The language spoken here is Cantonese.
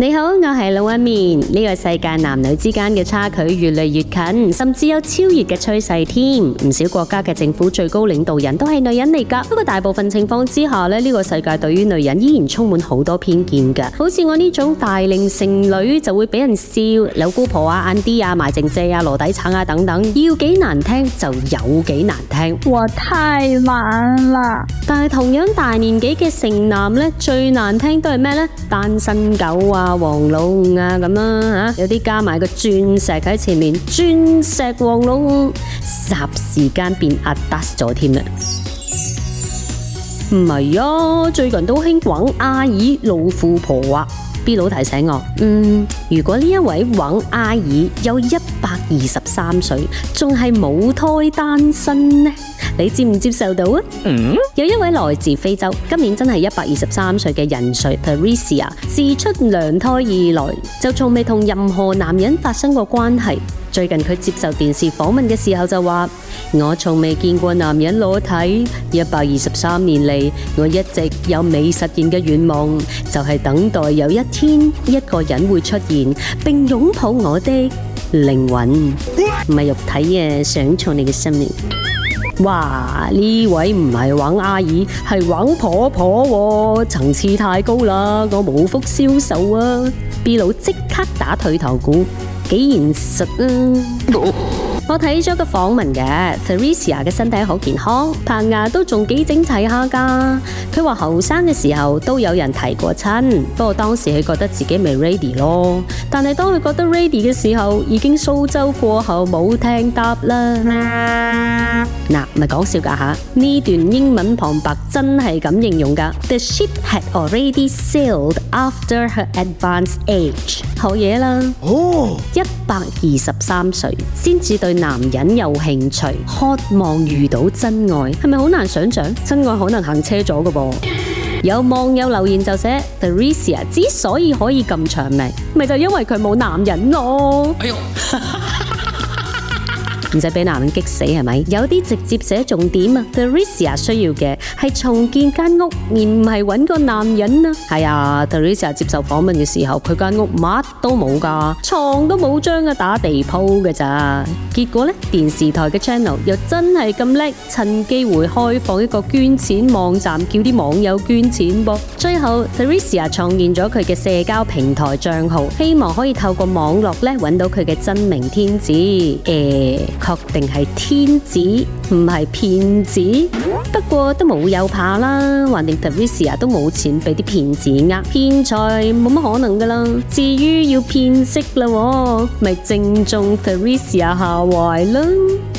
你好，我係老一面。呢、這個世界男女之間嘅差距越嚟越近，甚至有超越嘅趨勢添。唔少國家嘅政府最高領導人都係女人嚟噶，不過大部分情況之下咧，呢、這個世界對於女人依然充滿好多偏見噶。好似我呢種大齡剩女就會俾人笑老姑婆啊、安娣啊、賣剩蔗啊、籮底橙啊等等，要幾難聽就有幾難聽。哇，太難啦！但係同樣大年紀嘅剩男呢，最難聽都係咩呢？單身狗啊！王老五啊咁啦吓，有啲加埋個鑽石喺前面，鑽石王老五，霎時間變阿達咗添啦。唔係啊，啊，最近都興揾阿姨老富婆啊。B 佬提醒我，嗯，如果呢一位揾阿姨有一百二十三歲，仲係母胎單身呢？你接唔接受到啊？有一位來自非洲，今年真係一百二十三歲嘅人瑞 Parisa，自出娘胎以來就從未同任何男人發生過關係。最近佢接受電視訪問嘅時候就話：我從未見過男人裸體。一百二十三年嚟，我一直有未實現嘅願望，就係等待有一天一個人會出現，並擁抱我的靈魂，唔係肉體啊！想從你嘅心。哇！呢位唔係搵阿姨，係搵婆婆喎，啊，層次太高啦，我冇福消受啊！B 佬即刻打退堂鼓，幾現實啊！ 我睇咗個訪問嘅，Theresa 嘅身體好健康，棚牙都仲幾整齊下噶。佢話後生嘅時候都有人提過親，不過當時佢覺得自己未 ready 咯。但係當佢覺得 ready 嘅時候，已經蘇州過後冇聽答啦。嗱喏，唔係講笑噶吓，呢段英文旁白真係咁形容噶。The ship had already sailed after her advanced age。好嘢啦，oh. 百二十三歲先至對男人有興趣，渴望遇到真愛，係咪好難想象？真愛可能行車咗嘅噃。 有網友留言就寫：Dorisia 之所以可以咁長命，咪就因為佢冇男人咯。哎呦 唔使俾男人激死係咪？有啲直接寫重點啊！Theresa 需要嘅係重建間屋，而唔係揾個男人啊！係啊，Theresa 接受訪問嘅時候，佢間屋乜都冇㗎，床都冇張啊，打地鋪㗎咋！ 結果咧，電視台嘅 channel 又真係咁叻，趁機會開放一個捐錢網站，叫啲網友捐錢噃。最後，Theresa 創建咗佢嘅社交平台帳號，希望可以透過網絡咧揾到佢嘅真命天子誒。欸確定係天子唔係騙子，不，子 不過都冇有，有怕啦，橫掂 Theresa 都冇錢俾啲騙子呃，騙財冇乜可能噶啦，至於要騙色啦，咪正中 Theresa 下懷啦。